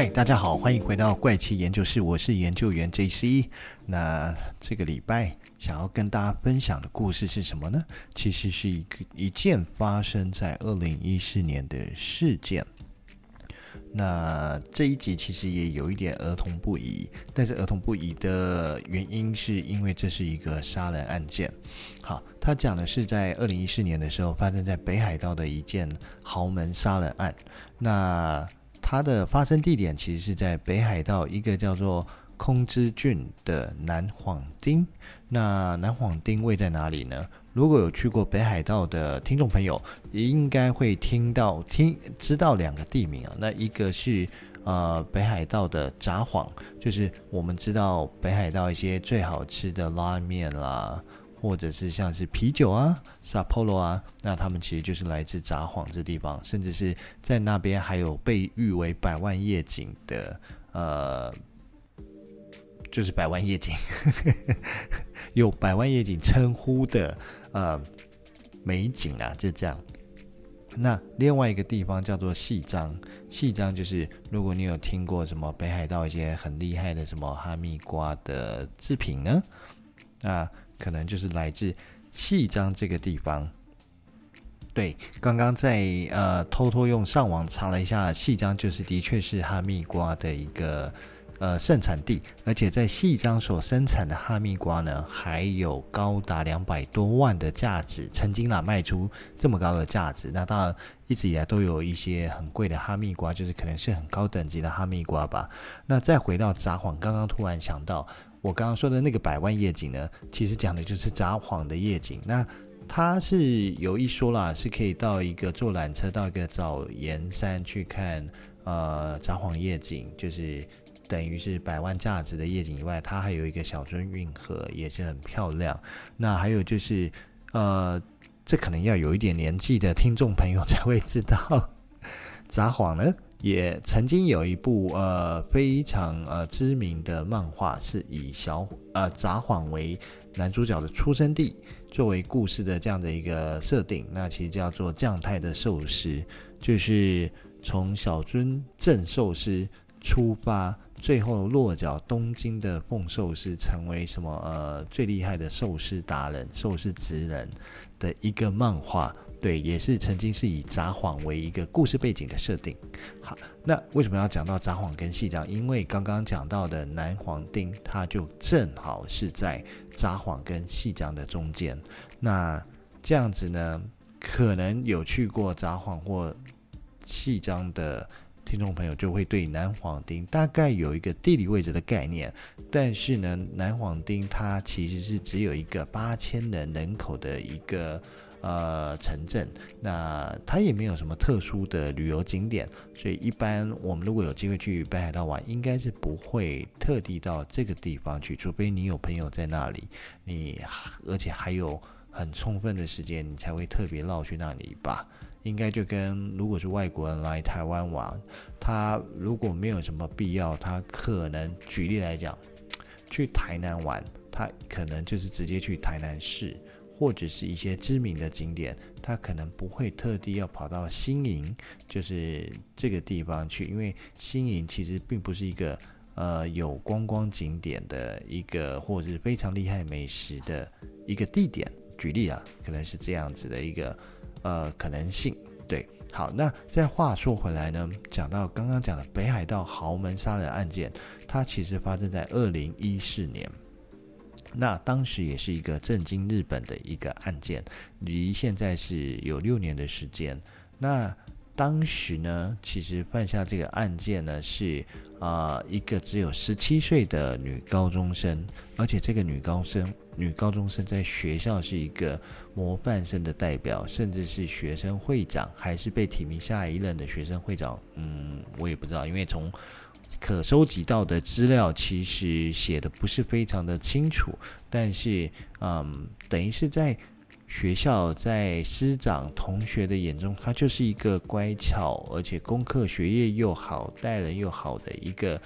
嗨，Hi，大家好，歡迎回到怪奇研究室，我是研究員 JC。那這個禮拜想要跟大家分享的故事是什麼呢？其實是一個一件發生在二零一四年的事件。那這一集其實也有一點兒童不宜，但是兒童不宜的原因是因為這是一個殺人案件。好，他講的是在二零一四年的時候，發生在北海道的一件豪門殺人案。那它的發生地點其實是在北海道，一個叫做空知郡的南幌町。那南幌町位在哪裡呢？如果有去過北海道的聽眾朋友，應該會聽到聽知道兩個地名啊。那一個是呃北海道的札幌，就是我們知道北海道一些最好吃的拉麵啦。或者是像是啤酒啊、札幌啊，那他們其實就是來自札幌這地方，甚至是在那邊還有被譽為百萬夜景的，呃，就是百萬夜景， 有百萬夜景稱呼的，呃，美景啊，就這樣。那另外一個地方叫做夕張，夕張就是如果你有聽過什麼北海道一些很厲害的什麼哈密瓜的製品呢，啊。可能就是來自夕張這個地方。對，剛剛在呃偷偷用上網查了一下，夕張就是的確是哈密瓜的一個呃盛產地，而且在夕張所生產的哈密瓜呢，還有高達兩百多萬的價值，曾經哪賣出這麼高的價值。那當然一直以來都有一些很貴的哈密瓜，就是可能是很高等級的哈密瓜吧。那再回到札幌，剛剛突然想到。我剛剛說的那個百萬夜景呢，其實講的就是札幌的夜景。那它是有一說啦，是可以到一個坐纜車到一個藻岩山去看，呃，札幌夜景，就是等於是百萬價值的夜景以外，它還有一個小樽運河也是很漂亮。那還有就是，呃，這可能要有一點年紀的聽眾朋友才會知道，札 幌呢。也曾經有一部呃非常呃知名的漫畫，是以小呃札幌為男主角的出生地作為故事的這樣的一個設定，那其實叫做《將太的壽司》，就是從小樽正壽司出發，最後落腳東京的鳳壽司，成為什麼呃最厲害的壽司達人、壽司職人的一個漫畫。對，也是曾經是以札幌為一個故事背景的設定。好，那為什麼要講到札幌跟夕張？因為剛剛講到的南幌町，它就正好是在札幌跟夕張的中間。那這樣子呢，可能有去過札幌或夕張的聽眾朋友，就會對南幌町大概有一個地理位置的概念。但是呢，南幌町它其實是只有一個八千人人口的一個，呃，城鎮，那它也沒有什麼特殊的旅遊景點，所以一般我們如果有機會去北海道玩，應該是不會特地到這個地方去，除非你有朋友在那裡，你而且還有很充分的時間，你才會特別繞去那裡吧。應該就跟如果是外國人來台灣玩，他如果沒有什麼必要，他可能舉例來講，去台南玩，他可能就是直接去台南市。或者是一些知名的景點，他可能不會特地要跑到新營，就是這個地方去，因為新營其實並不是一個呃有觀光景點的一個，或者是非常厲害美食的一個地點。舉例啊，可能是這樣子的一個呃可能性。對，好，那再話說回來呢，講到剛剛講的北海道豪門殺人案件，它其實發生在二零一四年。那當時也是一個震驚日本的一個案件，離現在是有六年的時間。那當時呢，其實犯下這個案件呢，是啊，呃，一個只有十七歲的女高中生，而且這個女高生女高中生在學校是一個模範生的代表，甚至是學生會長，還是被提名下一任的學生會長。嗯，我也不知道，因為從。可收集到的資料其實寫的不是非常的清楚，但是，嗯，等於是在學校、在師長、同學的眼中，她就是一個乖巧，而且功課學業又好、待人又好的一個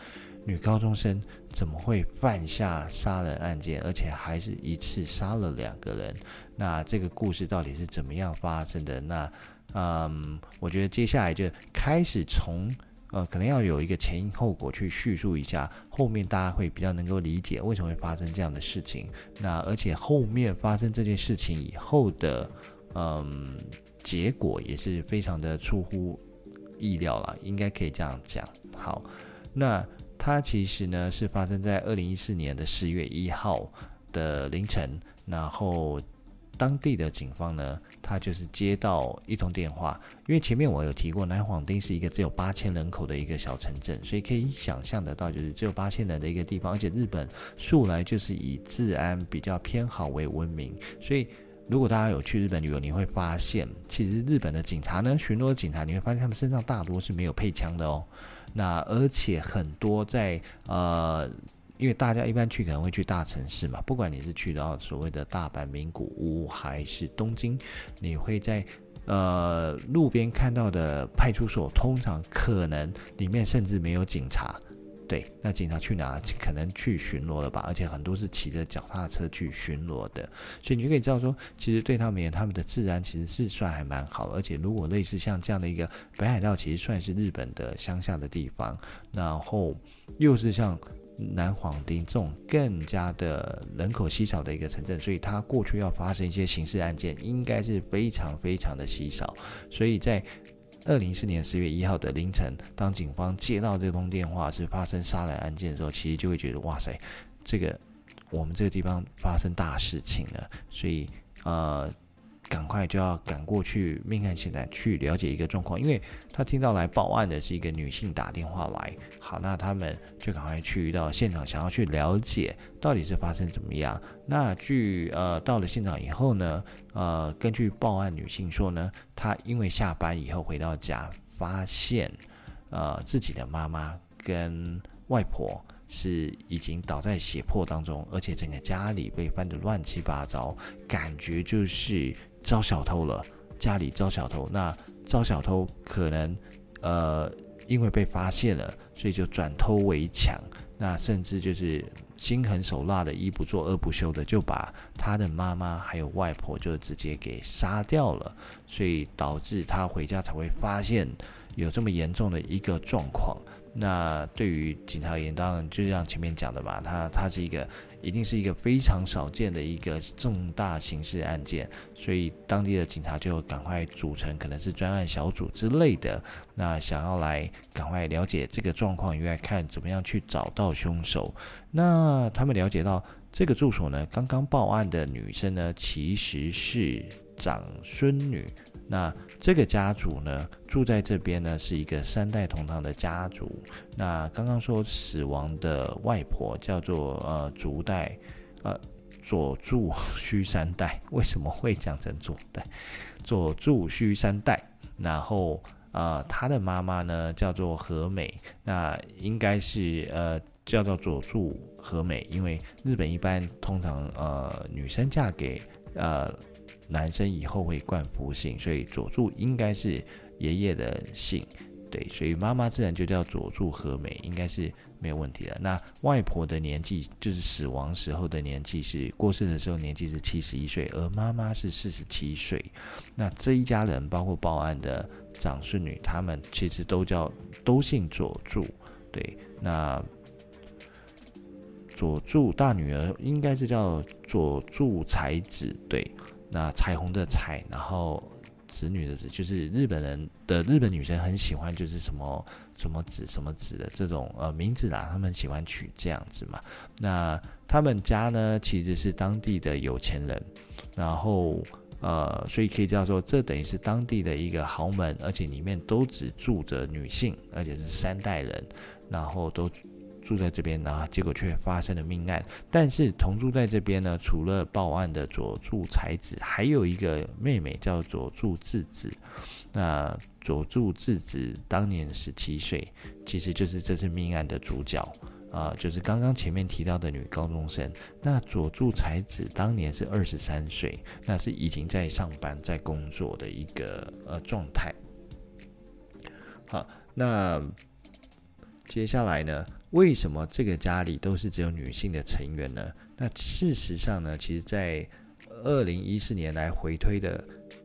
女高中生。怎麼會犯下殺人案件，而且還是一次殺了兩個人？那這個故事到底是怎麼樣發生的？那，嗯，我覺得接下來就開始從呃，可能要有一個前因後果去敘述一下，後面大家會比較能夠理解為什麼會發生這樣的事情。那而且後面發生這件事情以後的，嗯，結果也是非常的出乎意料了，應該可以這樣講。好，那它其實呢是發生在二零一四年的十月一號的凌晨，然後。當地的警方呢，他就是接到一通電話，因為前面我有提過，南幌町是一個只有八千人口的一個小城鎮，所以可以想象得到，就是只有八千人的一個地方，而且日本素來就是以治安比較偏好為聞名，所以如果大家有去日本旅遊，你會發現，其實日本的警察呢，巡邏的警察，你會發現他們身上大多是沒有配槍的哦，那而且很多在呃。因為大家一般去可能會去大城市嘛，不管你是去到所謂的大阪、名古屋還是東京，你會在呃路邊看到的派出所，通常可能裡面甚至沒有警察。對，那警察去哪？可能去巡邏了吧，而且很多是騎着腳踏車去巡邏的。所以你就可以知道說，其實對他們而言，他們的治安其實是算還蠻好。而且如果類似像這樣的一個北海道，其實算是日本的鄉下的地方，然後又是像。南黃町這種更加的人口稀少的一個城鎮，所以它過去要發生一些刑事案件，應該是非常非常的稀少。所以在二零一四年十月一號的凌晨，當警方接到這通電話，是發生殺人案件的時候，其實就會覺得哇塞，這個我們這個地方發生大事情了。所以，呃。趕快就要趕過去，命案現場去了解一個狀況，因為他聽到來報案的是一個女性打電話來，好，那他們就趕快去到現場，想要去了解到底是發生怎麼樣。那據呃到了現場以後呢，呃，根據報案女性說呢，她因為下班以後回到家，發現呃自己的媽媽跟外婆是已經倒在血泊當中，而且整個家裡被翻得亂七八糟，感覺就是。招小偷了，家裡招小偷，那招小偷可能，呃，因為被發現了，所以就轉偷為搶，那甚至就是心狠手辣的，一不做二不休的，就把他的媽媽還有外婆就直接給殺掉了，所以導致他回家才會發現有這麼嚴重的一個狀況。那對於警察而言，當然就像前面講的嘛，他他是一個一定是一個非常少見的一個重大刑事案件，所以當地的警察就趕快組成可能是專案小組之類的，那想要來趕快了解這個狀況，又來看怎麼樣去找到兇手。那他們了解到這個住所呢，剛剛報案的女生呢，其實是長孫女。那這個家族呢，住在這邊呢，是一個三代同堂的家族。那剛剛說死亡的外婆叫做呃，竹代，呃，佐助須三代，為什麼會講成佐代？佐助須三代。然後啊，他、呃、的媽媽呢叫做和美，那應該是呃，叫做佐助和美，因為日本一般通常呃，女生嫁給呃。男生以後會冠夫姓，所以佐助應該是爺爺的姓，對，所以媽媽自然就叫佐助和美，應該是沒有問題的。那外婆的年紀，就是死亡時候的年紀是過世的時候的年紀是七十一歲，而媽媽是四十七歲。那這一家人，包括報案的長孫女，他們其實都叫都姓佐助，對。那佐助大女兒應該是叫佐助才子，對。那彩虹的彩，然後子女的子，就是日本人的日本女生很喜歡，就是什麼什麼子什麼子的這種呃名字啦，他們喜歡取這樣子嘛。那他們家呢，其實是當地的有錢人，然後呃，所以可以叫做這等於是當地的一個豪門，而且裡面都只住着女性，而且是三代人，然後都。住在這邊呢、啊，結果卻發生了命案。但是同住在這邊呢，除了報案的佐助才子，還有一個妹妹叫佐助智子。那佐助智子當年十七歲，其實就是這次命案的主角啊，就是剛剛前面提到的女高中生。那佐助才子當年是二十三歲，那是已經在上班、在工作的一個呃狀態。好，那接下來呢？為什麼這個家裡都是只有女性的成員呢？那事實上呢，其實，在二零一四年來回推的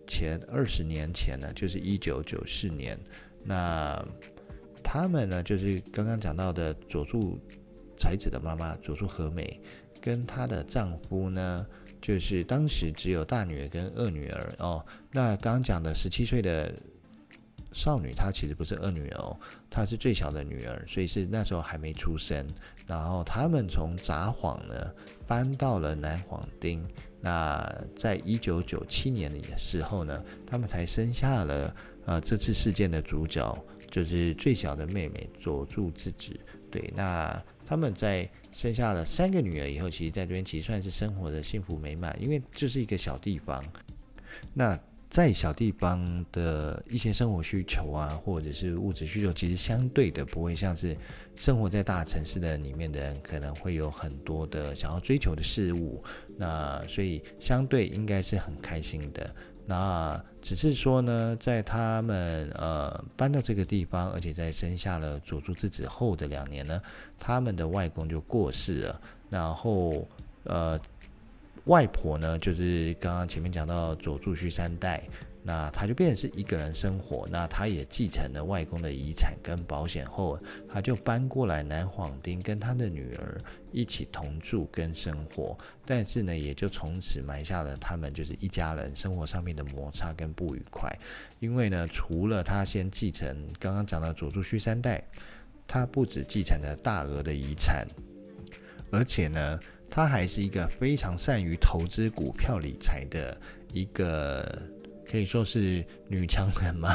前二十年前呢，就是一九九四年，那他們呢，就是剛剛講到的佐助才子的媽媽佐助和美，跟她的丈夫呢，就是當時只有大女兒跟二女兒哦，那剛剛講的十七歲的。少女她其實不是二女兒哦，她是最小的女兒，所以是那時候還沒出生。然後他們從札幌呢搬到了南幌町。那在一九九七年的時候呢，他們才生下了呃這次事件的主角，就是最小的妹妹佐助之子。對，那他們在生下了三個女兒以後，其實在這邊其實算是生活的幸福美滿，因為就是一個小地方。那。在小地方的一些生活需求啊，或者是物質需求，其實相對的不會像是生活在大城市的裡面的人，可能會有很多的想要追求的事物。那所以相對應該是很開心的。那只是說呢，在他們呃搬到這個地方，而且在生下了佐助之子後的兩年呢，他們的外公就過世了。然後呃。外婆呢，就是剛剛前面講到佐助須三代，那他就變成是一個人生活。那他也繼承了外公的遺產跟保險後，他就搬過來南幌町，跟他的女兒一起同住跟生活。但是呢，也就從此埋下了他們就是一家人生活上面的摩擦跟不愉快。因為呢，除了他先繼承剛剛講到佐助須三代，他不止繼承了大額的遺產，而且呢。她還是一個非常善於投資股票理財的一個，可以說是女強人嘛，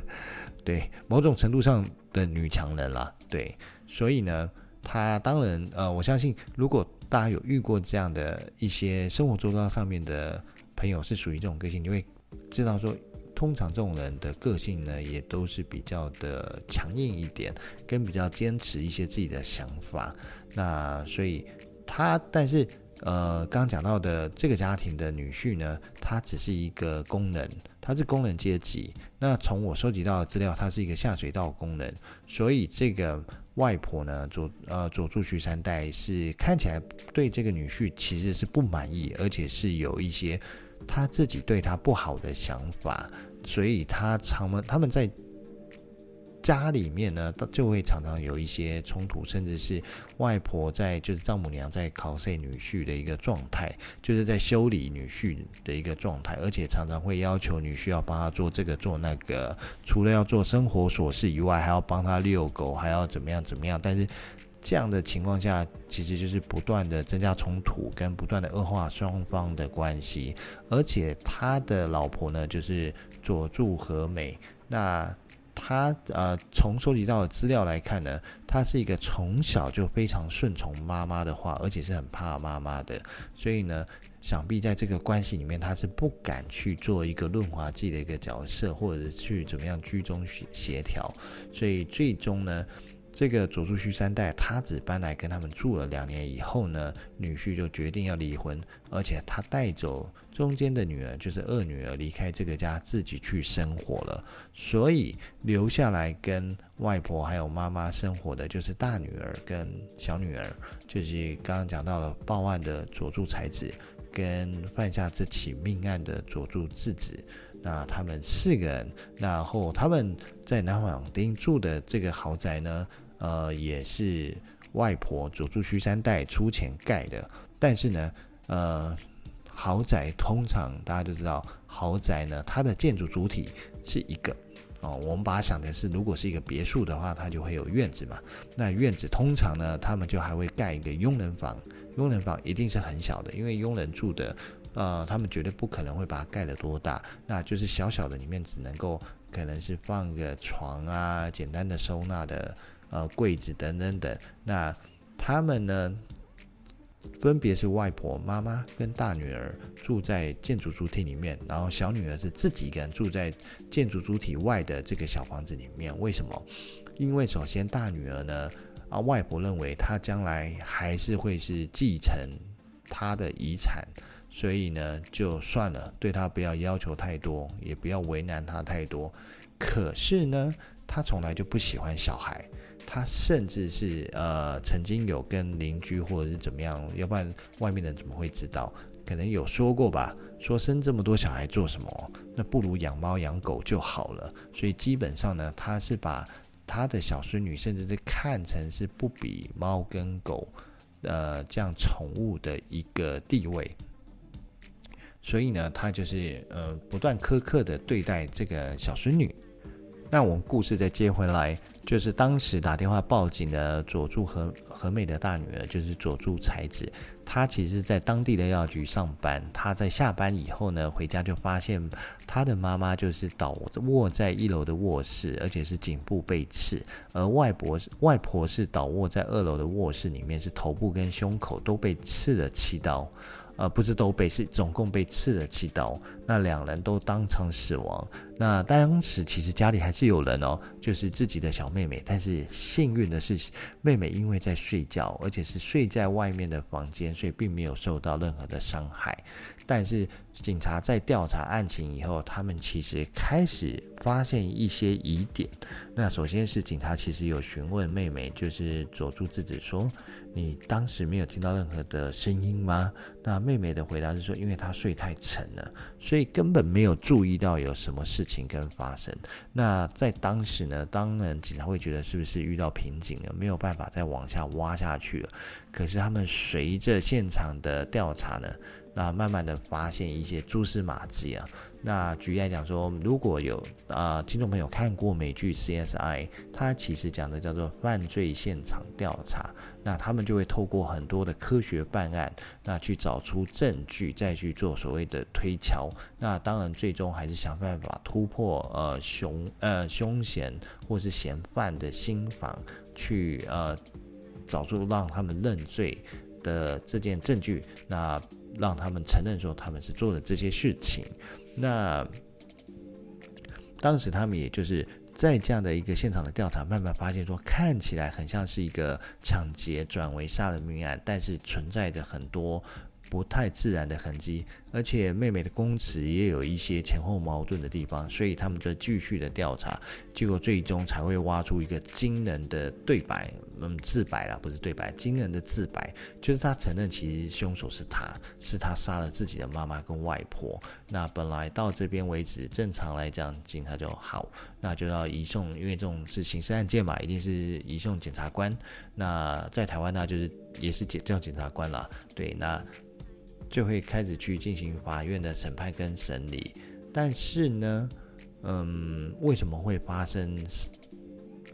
對，某種程度上的女強人啦。對，所以呢，她當然，呃，我相信，如果大家有遇過這樣的一些生活周遭上面的朋友是屬於這種個性，你會知道說，通常這種人的個性呢，也都是比較的強硬一點，跟比較堅持一些自己的想法。那所以。他，但是，呃，剛講到的這個家庭的女婿呢，他只是一個工人，他是工人階級。那從我收集到的資料，他是一個下水道工人。所以這個外婆呢，佐呃佐助徐三代是看起來對這個女婿其實是不滿意，而且是有一些他自己對他不好的想法。所以他常們他們在。家裡面呢，就會常常有一些衝突，甚至是外婆在，就是丈母娘在考試女婿的一個狀態，就是在修理女婿的一個狀態，而且常常會要求女婿要幫他做這個做那個，除了要做生活瑣事以外，還要幫他遛狗，還要怎麼樣怎麼樣。但是這樣的情況下，其實就是不斷的增加衝突，跟不斷的惡化雙方的關係。而且他的老婆呢，就是佐助和美那。他呃，從收集到的資料來看呢，他是一個從小就非常順從媽媽的話，而且是很怕媽媽的，所以呢，想必在這個關係裡面，他是不敢去做一個潤滑劑的一個角色，或者是去怎麼樣居中協協調，所以最終呢。這個佐助旭三代，他只搬來跟他們住了兩年以後呢，女婿就決定要離婚，而且他帶走中間的女兒，就是二女兒，離開這個家自己去生活了。所以留下來跟外婆還有媽媽生活的就是大女兒跟小女兒，就是剛剛講到了報案的佐助才子跟犯下這起命案的佐助智子。那他們四個人，然後他們在南房町住的這個豪宅呢？呃，也是外婆祖祖、虛三代出錢蓋的，但是呢，呃，豪宅通常大家都知道，豪宅呢，它的建築主體是一個哦、呃，我們把它想的是，如果是一個別墅的話，它就會有院子嘛。那院子通常呢，他們就還會蓋一個傭人房，傭人房一定是很小的，因為傭人住的，呃，他們絕對不可能會把它蓋得多大，那就是小小的，裡面只能夠可能是放個床啊，簡單的收納的。呃，櫃子等等等，那他們呢，分別是外婆、媽媽跟大女兒住在建築主體裡面，然後小女兒是自己一個人住在建築主體外的這個小房子裡面。為什麼？因為首先大女兒呢，啊，外婆認為她將來還是會是繼承她的遺產，所以呢，就算了，對她不要要求太多，也不要為難她太多。可是呢，她從來就不喜歡小孩。他甚至是呃，曾經有跟鄰居或者是怎麼樣，要不然外面人怎麼會知道？可能有說過吧，說生這麼多小孩做什麼？那不如養貓養狗就好了。所以基本上呢，他是把他的小孫女，甚至是看成是不比貓跟狗，呃，這樣寵物的一個地位。所以呢，他就是呃，不斷苛刻的對待這個小孫女。那我們故事再接回來，就是當時打電話報警的佐助和和美的大女兒，就是佐助才子，她其實在當地的藥局上班，她在下班以後呢，回家就發現她的媽媽就是倒臥在一樓的臥室，而且是頸部被刺；而外婆外婆是倒臥在二樓的臥室裡面，是頭部跟胸口都被刺了七刀，呃，不是都被，是總共被刺了七刀。那兩人都當場死亡。那當時其實家裡還是有人哦，就是自己的小妹妹。但是幸運的是，妹妹因為在睡覺，而且是睡在外面的房間，所以並沒有受到任何的傷害。但是警察在調查案情以後，他們其實開始發現一些疑點。那首先是警察其實有詢問妹妹，就是佐助自己說：“你當時沒有聽到任何的聲音嗎？”那妹妹的回答是說：“因為她睡太沉了，所以。”所以根本沒有注意到有什麼事情跟發生。那在當時呢，當然警察會覺得是不是遇到瓶頸了，沒有辦法再往下挖下去了。可是他們隨着現場的調查呢，那慢慢的發現一些蛛絲馬跡啊。那舉例來講說，如果有啊、呃，聽眾朋友看過美劇 CSI，它其實講的叫做犯罪現場調查。那他們就會透過很多的科學辦案，那去找出證據，再去做所謂的推敲。那當然，最終還是想辦法突破呃，呃凶呃兇嫌或是嫌犯的心防，去呃找出讓他們認罪的這件證據，那讓他們承認說他們是做了這些事情。那當時他們也就是。在這樣的一個現場的調查，慢慢發現說，看起來很像是一個搶劫轉為殺人命案，但是存在着很多不太自然的痕迹，而且妹妹的供詞也有一些前後矛盾的地方，所以他們就繼續的調查，結果最終才會挖出一個驚人的對白。嗯，自白啦，不是對白，驚人的自白，就是他承認其實兇手是他是他殺了自己的媽媽跟外婆。那本來到這邊為止，正常來講，警察就好，那就要移送，因為這種是刑事案件嘛，一定是移送檢察官。那在台灣呢，就是也是檢，叫檢察官啦，對，那就會開始去進行法院的審判跟審理。但是呢，嗯，為什麼會發生？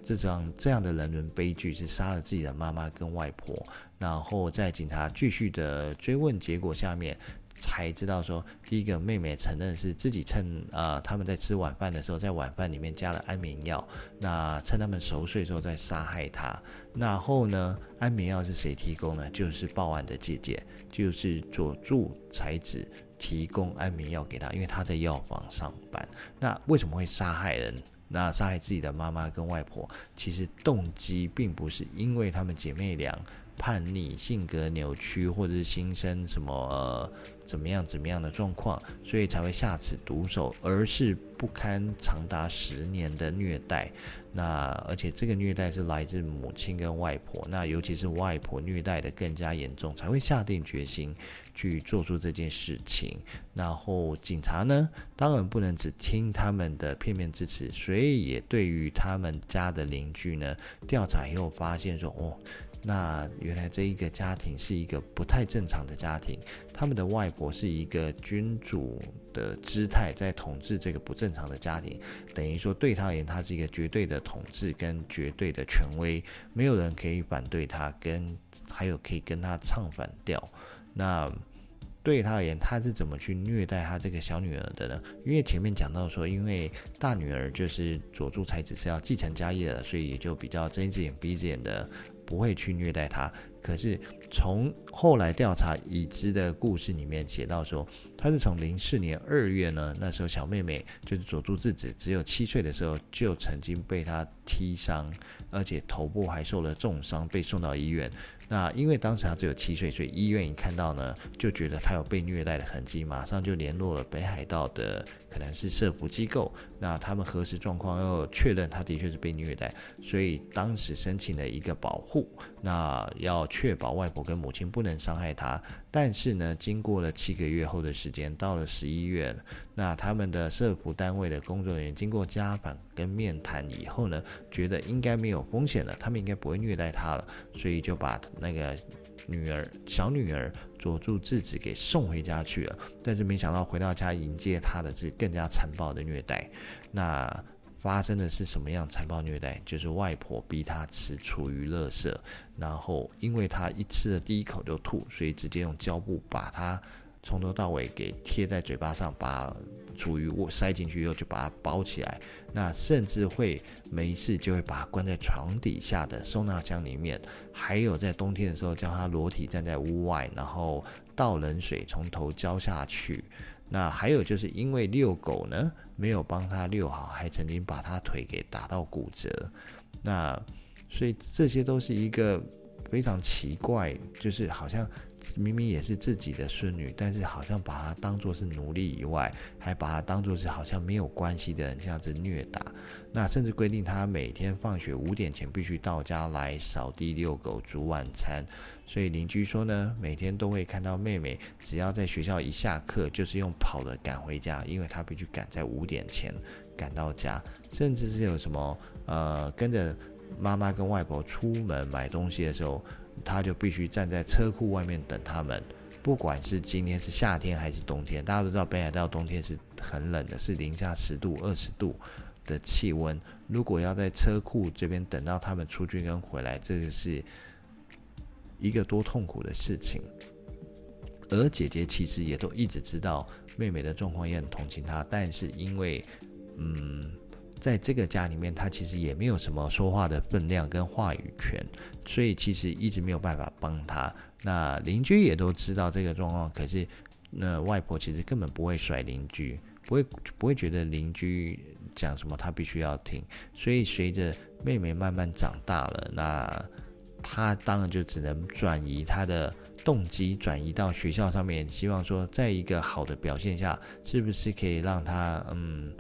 這張這樣的人倫悲劇是殺了自己的媽媽跟外婆，然後在警察繼續的追問結果下面，才知道說第一個妹妹承認是自己趁啊、呃、他們在吃晚飯的時候，在晚飯裡面加了安眠藥，那趁他們熟睡的時候再殺害他。然後呢，安眠藥是誰提供呢？就是報案的姐姐，就是佐助才子提供安眠藥給他，因為他在藥房上班。那為什麼會殺害人？那殺害自己的媽媽跟外婆，其實動機並不是因為她們姐妹倆，叛逆、性格扭曲，或者是心生什麼、呃、怎麼樣、怎麼樣的狀況，所以才會下此毒手。而是不堪長達十年的虐待，那而且這個虐待是來自母親跟外婆，那尤其是外婆虐待得更加嚴重，才會下定決心去做出這件事情。然後警察呢，當然不能只聽他們的片面之詞，所以也對於他們家的鄰居呢，調查以後發現說，哦。那原來這一個家庭是一個不太正常的家庭，他們的外婆是一個君主的姿態，在統治這個不正常的家庭，等於說對他而言，他是一個絕對的統治跟絕對的權威，沒有人可以反對他，跟還有可以跟他唱反調。那對他而言，他是怎麼去虐待他這個小女兒的呢？因為前面講到說，因為大女兒就是佐助才子，是要繼承家業了，所以也就比較睜一只眼閉一只眼的。不會去虐待他，可是從後來調查已知的故事裡面寫到說，他是從零四年二月呢，那時候小妹妹就是佐助自己只有七歲的時候，就曾經被他踢傷，而且頭部還受了重傷，被送到醫院。那因為當時他只有七歲，所以醫院一看到呢，就覺得他有被虐待的痕跡，馬上就聯絡了北海道的可能是社服機構。那他們核實狀況，又確認他的確是被虐待，所以當時申請了一個保護，那要確保外婆跟母親不能傷害他。但是呢，經過了七個月後的時間，到了十一月，那他們的社服單位的工作人員經過家訪跟面談以後呢，覺得應該沒有風險了，他們應該不會虐待他了，所以就把。那個女兒，小女兒佐助自己給送回家去了，但是沒想到回到家迎接她的是更加殘暴的虐待。那發生的是什麼樣殘暴虐待？就是外婆逼她吃廚餘垃圾，然後因為她一吃的第一口就吐，所以直接用膠布把她。從頭到尾給貼在嘴巴上，把廚餘塞進去以後就把它包起來，那甚至會沒事就會把它關在床底下的收納箱裡面，還有在冬天的時候叫它裸體站在屋外，然後倒冷水從頭澆下去，那還有就是因為遛狗呢沒有幫它遛好，還曾經把它腿給打到骨折，那所以這些都是一個非常奇怪，就是好像。明明也是自己的孫女，但是好像把她當作是奴隸以外，還把她當作是好像沒有關係的人這樣子虐打。那甚至規定她每天放學五點前必須到家來掃地、遛狗、煮晚餐。所以鄰居說呢，每天都會看到妹妹只要在學校一下課，就是用跑的趕回家，因為她必須趕在五點前趕到家。甚至是有什麼呃，跟着媽媽跟外婆出門買東西的時候。他就必須站在車庫外面等他們，不管是今天是夏天還是冬天，大家都知道北海道冬天是很冷的，是零下十度、二十度的氣溫。如果要在車庫這邊等到他們出去跟回來，這個是一個多痛苦的事情。而姐姐其實也都一直知道妹妹的狀況，也很同情她，但是因為，嗯。在這個家裡面，他其實也沒有什麼說話的分量跟話語權，所以其實一直沒有辦法幫他。那鄰居也都知道這個狀況，可是那外婆其實根本不會甩鄰居，不會不會覺得鄰居講什麼他必須要聽。所以隨着妹妹慢慢長大了，那他當然就只能轉移他的動機，轉移到學校上面，希望說在一個好的表現下，是不是可以讓他嗯。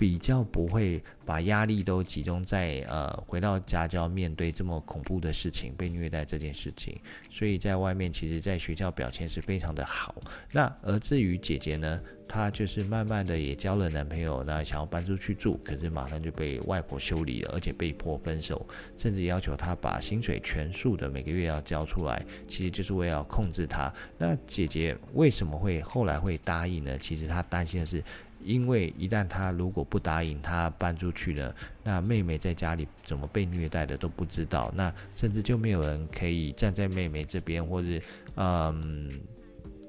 比較不會把壓力都集中在呃，回到家就要面對這麼恐怖的事情，被虐待這件事情，所以在外面其實，在學校表現是非常的好。那而至於姐姐呢，她就是慢慢的也交了男朋友，那想要搬出去住，可是馬上就被外婆修理了，而且被迫分手，甚至要求她把薪水全數的每個月要交出來，其實就是為了控制她。那姐姐為什麼會後來會答應呢？其實她擔心的是。因為一旦他如果不答應，他搬出去了，那妹妹在家裡怎麼被虐待的都不知道，那甚至就沒有人可以站在妹妹這邊，或是嗯，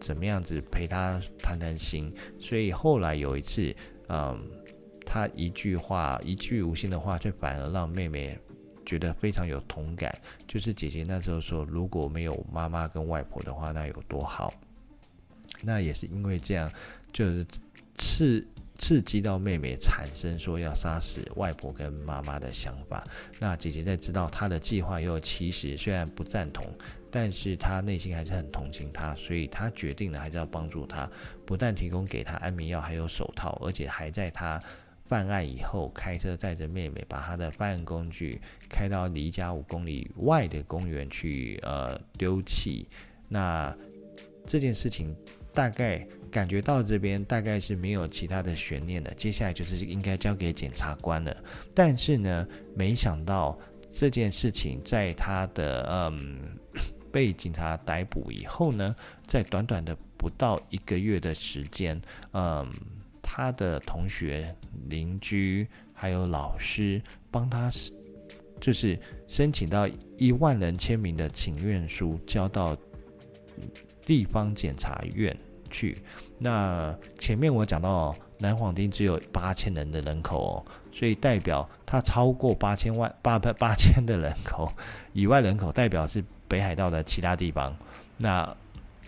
怎麼樣子陪她談談心。所以後來有一次，嗯，他一句話一句無心的話，卻反而讓妹妹覺得非常有同感。就是姐姐那時候說，如果沒有媽媽跟外婆的話，那有多好。那也是因為這樣，就是。刺刺激到妹妹產生說要殺死外婆跟媽媽的想法，那姐姐在知道她的計劃以後，其實雖然不贊同，但是她內心還是很同情她，所以她決定了還是要幫助她，不但提供給她安眠藥還有手套，而且還在她犯案以後開車帶着妹妹把她的犯案工具開到離家五公里外的公園去呃丟棄。那這件事情大概。感覺到這邊大概是沒有其他的懸念了，接下來就是應該交給檢察官了。但是呢，沒想到這件事情在他的嗯被警察逮捕以後呢，在短短的不到一個月的時間，嗯，他的同學、鄰居還有老師幫他就是申請到一萬人簽名的請願書交到地方檢察院。去那前面我講到南幌町只有八千人的人口哦，所以代表它超過八千萬八八千的人口以外人口，代表是北海道的其他地方。那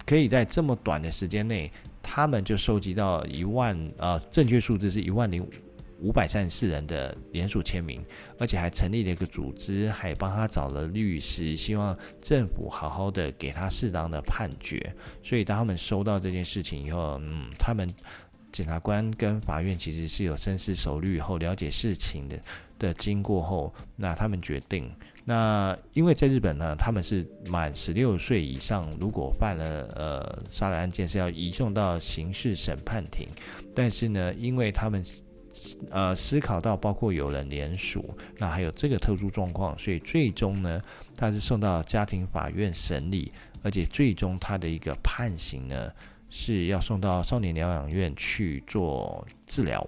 可以在這麼短的時間內，他們就收集到一萬啊，正確數字是一萬零五五百三十四人的聯署簽名，而且還成立了一個組織，還幫他找了律師，希望政府好好的給他適當的判決。所以當他們收到這件事情以後，嗯，他們檢察官跟法院其實是有深思熟慮以後了解事情的的經過後，那他們決定，那因為在日本呢，他們是滿十六歲以上，如果犯了呃殺人案件是要移送到刑事審判庭，但是呢，因為他們呃，思考到包括有人連署，那還有這個特殊狀況，所以最終呢，他是送到家庭法院審理，而且最終他的一個判刑呢，是要送到少年療養院去做治療。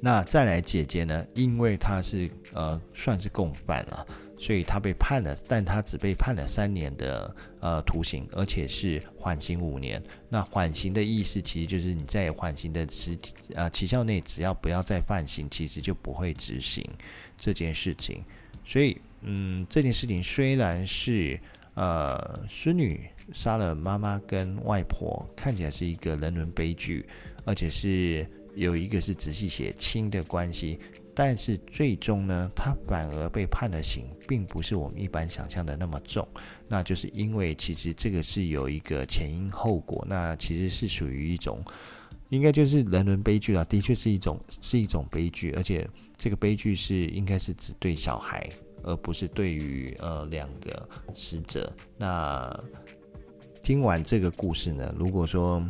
那再來姐姐呢，因為她是，呃，算是共犯了。所以他被判了，但他只被判了三年的呃徒刑，而且是緩刑五年。那緩刑的意思其實就是你在緩刑的時啊期效內，只要不要再犯刑，其實就不會執行這件事情。所以，嗯，這件事情雖然是呃孫女殺了媽媽跟外婆，看起來是一個人倫悲劇，而且是有一個是仔細寫親的關係。但是最終呢，他反而被判了刑，並不是我們一般想象的那麼重。那就是因為其實這個是有一個前因後果，那其實是屬於一種，應該就是人倫悲劇了。的確是一種是一種悲劇，而且這個悲劇是應該是只對小孩，而不是對於呃兩個死者。那聽完這個故事呢，如果說。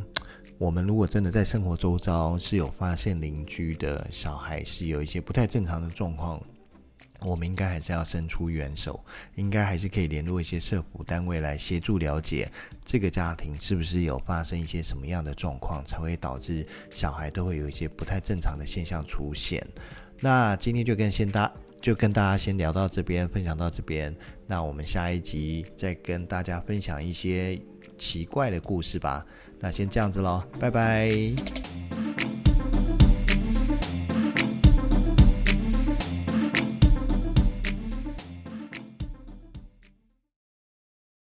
我們如果真的在生活周遭是有發現鄰居的小孩是有一些不太正常的狀況，我們應該還是要伸出援手，應該還是可以聯絡一些社服單位來協助了解這個家庭是不是有發生一些什麼樣的狀況，才會導致小孩都會有一些不太正常的現象出現。那今天就跟先大就跟大家先聊到這邊，分享到這邊，那我們下一集再跟大家分享一些奇怪的故事吧。那先這樣子嘍，拜拜。